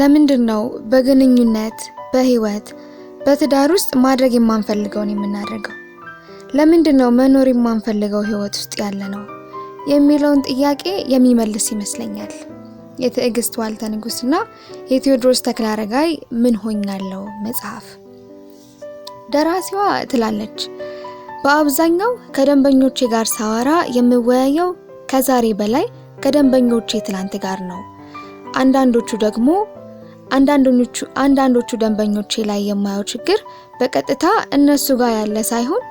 ለምንድን ነው በግንኙነት በህይወት በትዳር ውስጥ ማድረግ የማንፈልገውን የምናደርገው? ለምንድን ነው መኖር የማንፈልገው ህይወት ውስጥ ያለ ነው የሚለውን ጥያቄ የሚመልስ ይመስለኛል። የትዕግስት ዋልተ ና የቴዎድሮስ አረጋይ ምን ሆኛለው መጽሐፍ። ደራሲዋ ትላለች፣ በአብዛኛው ከደንበኞቼ ጋር ሳወራ የምወያየው ከዛሬ በላይ ከደንበኞቼ ትላንት ጋር ነው። አንዳንዶቹ ደግሞ አንዳንዶቹ ደንበኞቼ ላይ የማየው ችግር በቀጥታ እነሱ ጋር ያለ ሳይሆን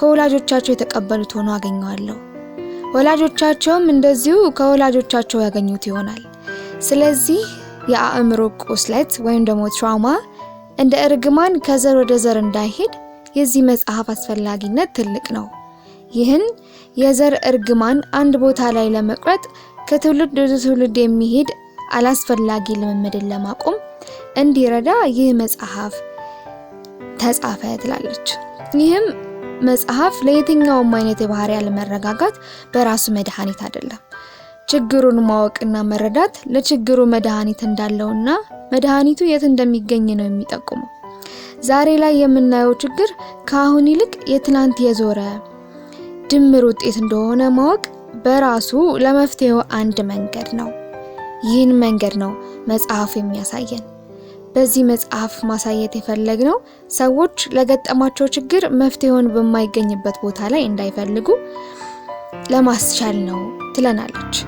ከወላጆቻቸው የተቀበሉት ሆኖ አገኘዋለሁ። ወላጆቻቸውም እንደዚሁ ከወላጆቻቸው ያገኙት ይሆናል። ስለዚህ የአእምሮ ቁስለት ወይም ደግሞ ትራውማ እንደ እርግማን ከዘር ወደ ዘር እንዳይሄድ የዚህ መጽሐፍ አስፈላጊነት ትልቅ ነው። ይህን የዘር እርግማን አንድ ቦታ ላይ ለመቁረጥ ከትውልድ ወደ ትውልድ የሚሄድ አላስፈላጊ ልምምድን ለማቆም እንዲረዳ ይህ መጽሐፍ ተጻፈ ትላለች። ይህም መጽሐፍ ለየትኛውም አይነት የባህሪ አለመረጋጋት በራሱ መድኃኒት አይደለም። ችግሩን ማወቅና መረዳት ለችግሩ መድኃኒት እንዳለውና መድኃኒቱ የት እንደሚገኝ ነው የሚጠቁመው። ዛሬ ላይ የምናየው ችግር ከአሁን ይልቅ የትላንት የዞረ ድምር ውጤት እንደሆነ ማወቅ በራሱ ለመፍትሄው አንድ መንገድ ነው። ይህን መንገድ ነው መጽሐፍ የሚያሳየን። በዚህ መጽሐፍ ማሳየት የፈለግነው ሰዎች ለገጠማቸው ችግር መፍትሄውን በማይገኝበት ቦታ ላይ እንዳይፈልጉ ለማስቻል ነው ትለናለች።